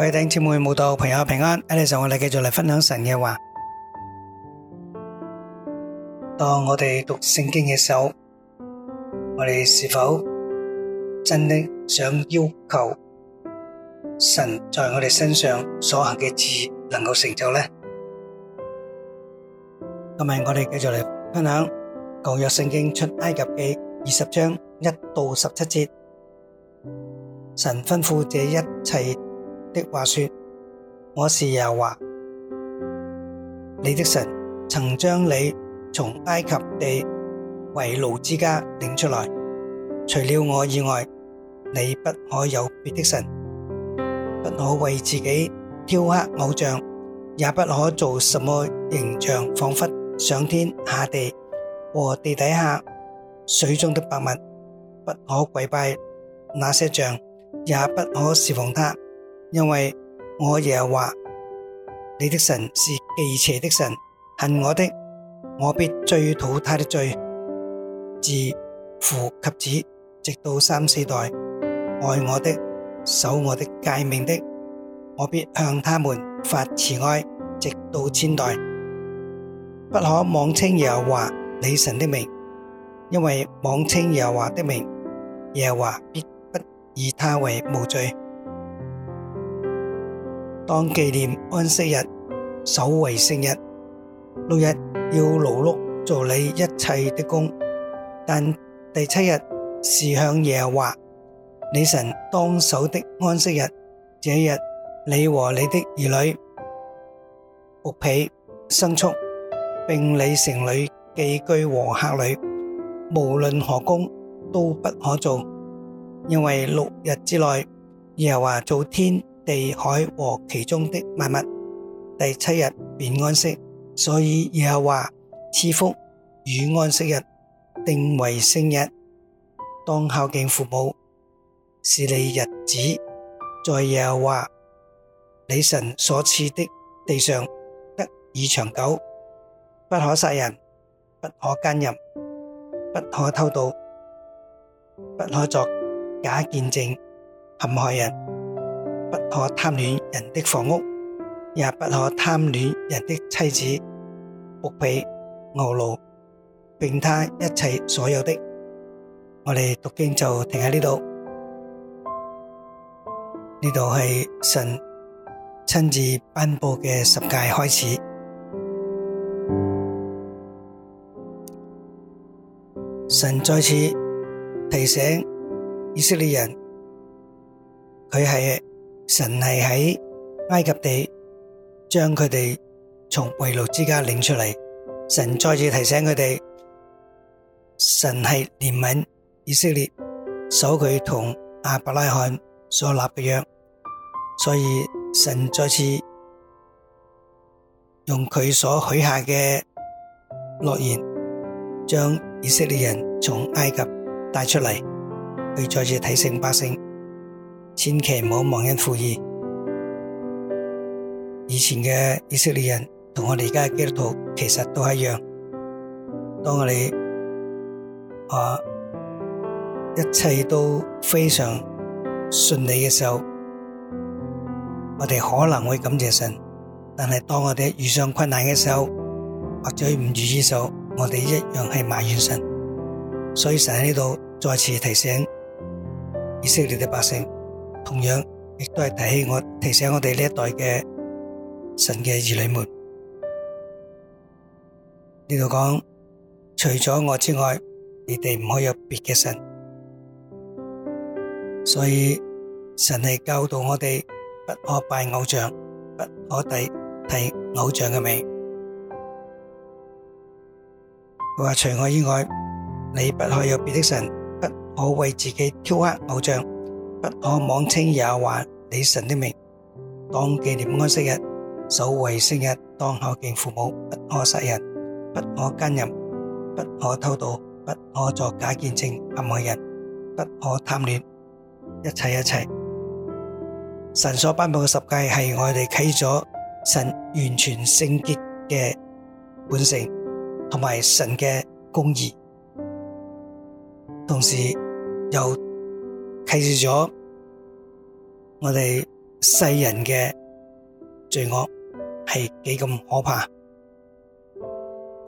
各位弟兄姊妹、慕道朋友平安，喺呢度我哋繼續嚟分享神嘅話。當我哋讀聖經嘅時候，我哋是否真的想要求神在我哋身上所行嘅事能夠成就呢？今日我哋繼續嚟分享舊約聖經出埃及記二十章一到十七節，神吩咐這一切。的話說，我是耶和華，你的神曾將你從埃及地為奴之家領出來。除了我以外，你不可有別的神，不可為自己雕刻偶像，也不可做什麼形象，仿佛上天下地和地底下、水中的百物，不可跪拜那些像，也不可侍奉他。因為我耶和華你的神是忌邪的神，恨我的，我必追討他的罪，自父及子，直到三四代；愛我的、守我的誡命的，我必向他們發慈愛，直到千代。不可妄稱耶和華你神的名，因為妄稱耶和華的名，耶和華必不以他為無罪。當紀念安息日，守為聖日。六日要勞碌做你一切的工，但第七日是向耶和華你神當守的安息日。這日你和你的兒女、僕婢、牲畜，並你城裏寄居和客旅，無論何工都不可做，因為六日之內耶和華造天。地海和其中的萬物，第七日便安息，所以耶和華賜福與安息日定為聖日，當孝敬父母，使你日子。在耶和華你神所賜的地上得以長久，不可殺人，不可奸淫，不可偷盜，不可作假見證陷害人。不可貪戀人的房屋，也不可貪戀人的妻子、僕婢、牛奴，並他一切所有的。我哋讀經就停喺呢度。呢度係神親自頒布嘅十誡開始。神再次提醒以色列人，佢係。神係喺埃及地將佢哋從為奴之家領出嚟，神再次提醒佢哋，神係憐憫以色列，守佢同亞伯拉罕所立嘅約，所以神再次用佢所許下嘅諾言，將以色列人從埃及帶出嚟，去再次提醒百姓。千祈唔好忘恩負義。以前嘅以色列人同我哋而家嘅基督徒其實都係一樣。當我哋啊一切都非常順利嘅時候，我哋可能會感謝神，但係當我哋遇上困難嘅時候，或者唔如意嘅時候，我哋一樣係埋怨神。所以神喺呢度再次提醒以色列嘅百姓。同樣亦都係提醒我提醒我哋呢一代嘅神嘅兒女們，呢度講，除咗我之外，你哋唔可以有別嘅神。所以神係教導我哋不可拜偶像，不可睇睇偶像嘅美。佢話，除我以外，你不可以有別的神，不可為自己雕刻偶像。不可妄稱耶和華你神的名。當紀念安息日，守為聖日。當孝敬父母，不可殺人，不可姦淫，不可偷盜，不可作假見證陷害人，不可貪戀一切一切。神所頒布嘅十誡係我哋啟咗神完全聖潔嘅本性，同埋神嘅公義，同時又。啟示咗我哋世人嘅罪惡係幾咁可怕，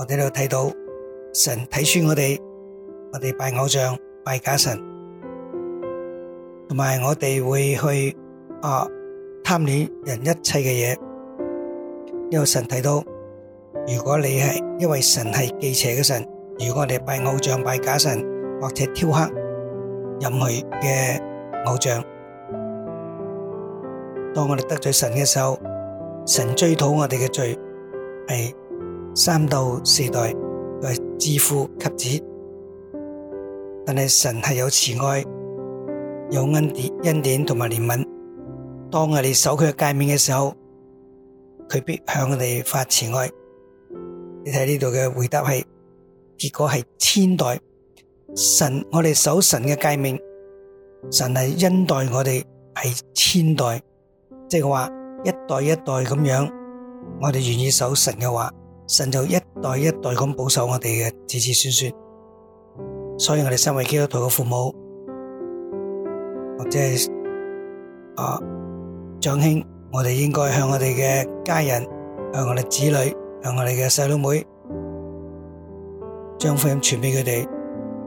我哋就睇到神睇穿我哋，我哋拜偶像、拜假神，同埋我哋會去啊貪戀人一切嘅嘢。因為神睇到，如果你係因為神係忌邪嘅神，如果我哋拜偶像、拜假神或者挑黑。任佢嘅偶像。當我哋得罪神嘅時候，神追討我哋嘅罪係三到四代，係知父及子。但係神係有慈愛，有恩典、恩典同埋憐憫。當我哋守佢嘅界面嘅時候，佢必向我哋發慈愛。你睇呢度嘅回答係結果係千代。神，我哋守神嘅誡命，神係恩待我哋係千代，即係話一代一代咁樣，我哋願意守神嘅話，神就一代一代咁保守我哋嘅子子孫孫。所以我哋身為基督徒嘅父母，或者係啊長兄，我哋應該向我哋嘅家人、向我哋子女、向我哋嘅細佬妹，將福音傳俾佢哋。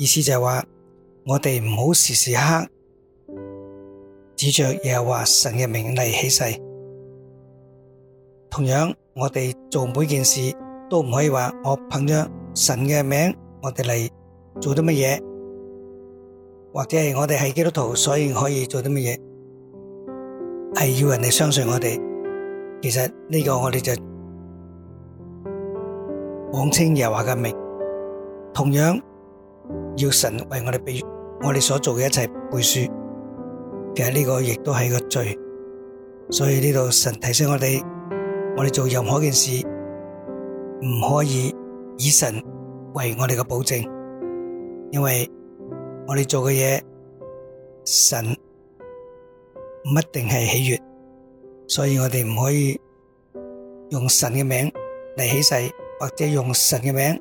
意思就係話，我哋唔好時時刻刻指着耶華神嘅名嚟起誓。同樣，我哋做每件事都唔可以話我憑咗神嘅名，我哋嚟做啲乜嘢，或者係我哋係基督徒，所以可以做啲乜嘢，係要人哋相信我哋。其實呢個我哋就妄稱耶華嘅名，同樣。要神為我哋俾，我哋所做嘅一切背書，其實呢個亦都係個罪，所以呢度神提醒我哋，我哋做任何件事唔可以以神為我哋嘅保證，因為我哋做嘅嘢，神唔一定係喜悅，所以我哋唔可以用神嘅名嚟起誓，或者用神嘅名。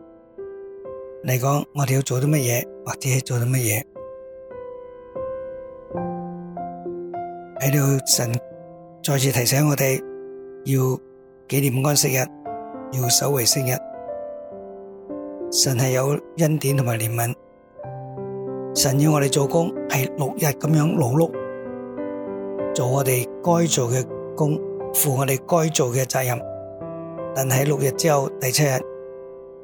嚟講，我哋要做啲乜嘢，或者係做啲乜嘢，喺度神再次提醒我哋要紀念安息日，要守為聖日。神係有恩典同埋憐憫，神要我哋做工係六日咁樣勞碌，做我哋該做嘅工，負我哋該做嘅責任。但喺六日之後第七日，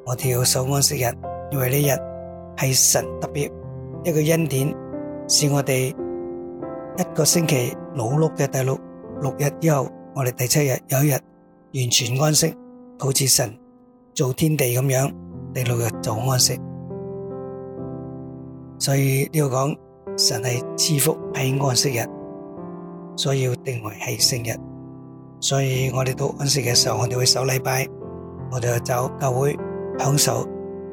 我哋要守安息日。因為呢日係神特別一個恩典，是我哋一個星期勞碌嘅第六六日之後，我哋第七日有一日完全安息，好似神造天地咁樣，第六日就好安息。所以呢個講神係賜福喺安息日，所以要定為係聖日。所以我哋到安息嘅時候，我哋會守禮拜，我哋就走教會享受。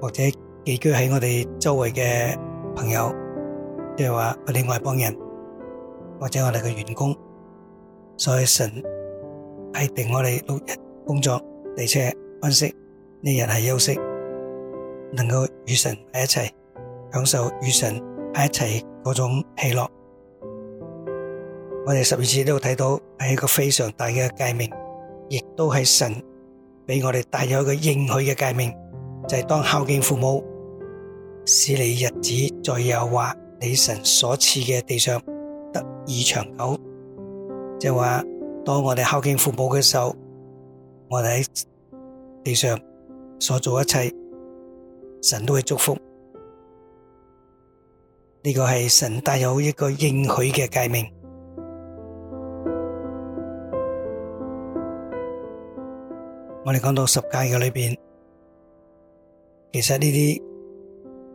或者寄居喺我哋周圍嘅朋友，即係話我哋外邦人，或者我哋嘅員工，所以神係定我哋六日工作，第七日安息呢日係休息，能夠與神喺一齊享受與神喺一齊嗰種喜樂。我哋十二次都睇到係一個非常大嘅誡命，亦都係神俾我哋帶有一個應許嘅誡命。就係當孝敬父母，使你日子在耶和華你神所賜嘅地上得以長久。就係話，當我哋孝敬父母嘅時候，我哋喺地上所做一切，神都會祝福。呢個係神帶有一個應許嘅誡命。 我哋講到十誡嘅裏邊。其實呢啲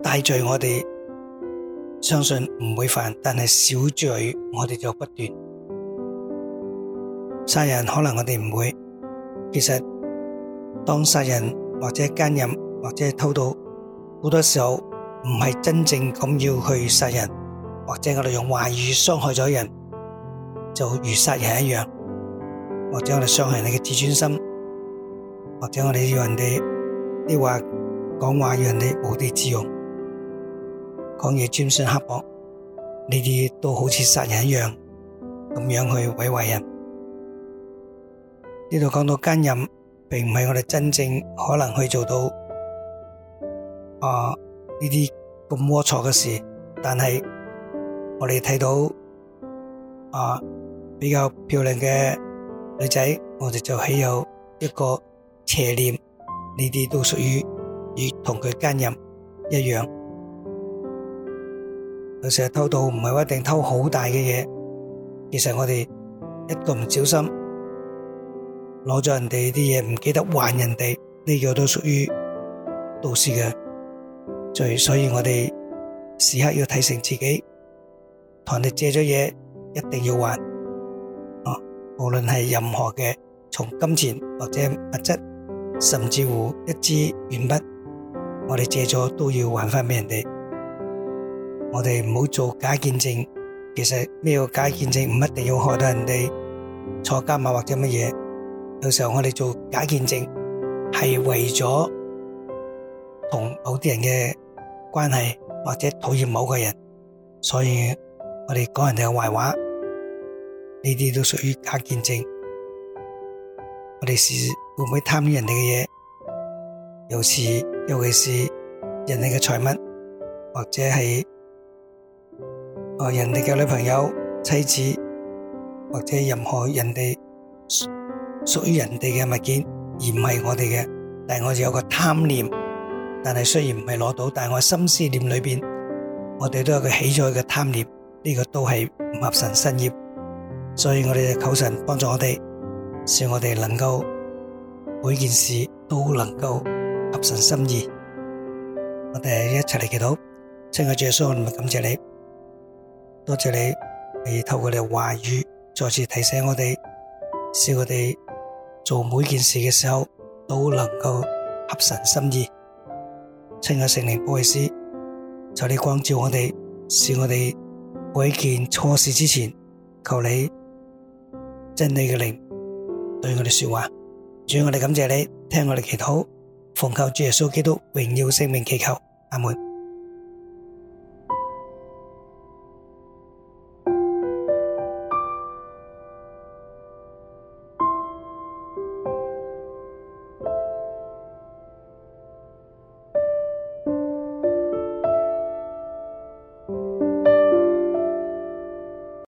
大罪我哋相信唔會犯，但係小罪我哋就不斷殺人。可能我哋唔會，其實當殺人或者奸淫或者偷盜，好多時候唔係真正咁要去殺人，或者我哋用話語傷害咗人，就如殺人一樣，或者我哋傷害你嘅自尊心，或者我哋要人哋啲話。講話讓你無地自容，講嘢尖酸刻薄，呢啲都好似殺人一樣咁樣去毀壞人。呢度講到奸淫，並唔係我哋真正可能去做到啊呢啲咁齷齪嘅事，但係我哋睇到啊比較漂亮嘅女仔，我哋就起有一個邪念，呢啲都屬於。與同佢奸淫一樣，有時偷盜唔係一定偷好大嘅嘢，其實我哋一個唔小心攞咗人哋啲嘢，唔記得還人哋，呢個都屬於盜竊嘅罪，所以我哋時刻要提醒自己，同人哋借咗嘢，一定要還，啊，無論係任何嘅，從金錢或者物質，甚至乎一支鉛筆。我哋借咗都要還翻俾人哋，我哋唔好做假見證。其實咩叫假見證？唔一定要害到人哋坐監啊，或者乜嘢。有時候我哋做假見證係為咗同某啲人嘅關係，或者討厭某個人，所以我哋講人哋嘅壞話，呢啲都屬於假見證。我哋時會唔會貪啲人哋嘅嘢？有時？尤其是人哋嘅財物，或者係誒人哋嘅女朋友、妻子，或者任何人哋屬於人哋嘅物件，而唔係我哋嘅。但係我哋有個貪念，但係雖然唔係攞到，但係我心思念裏邊，我哋都有個起咗嘅貪念，呢、這個都係唔合神心意。所以我哋就求神幫助我哋，使我哋能夠每件事都能夠。合神心意。我哋一齊嚟祈禱，親愛主耶穌，我哋感謝你，多謝你，你透過你話語再次提醒我哋，使我哋做每件事嘅時候都能夠合神心意。親愛聖靈保惠師，求你光照我哋，使我哋每一件錯事之前，求你真理嘅靈對我哋說話，主我哋感謝你，聽我哋祈禱。奉求主耶穌基督榮耀聖名祈求，阿門。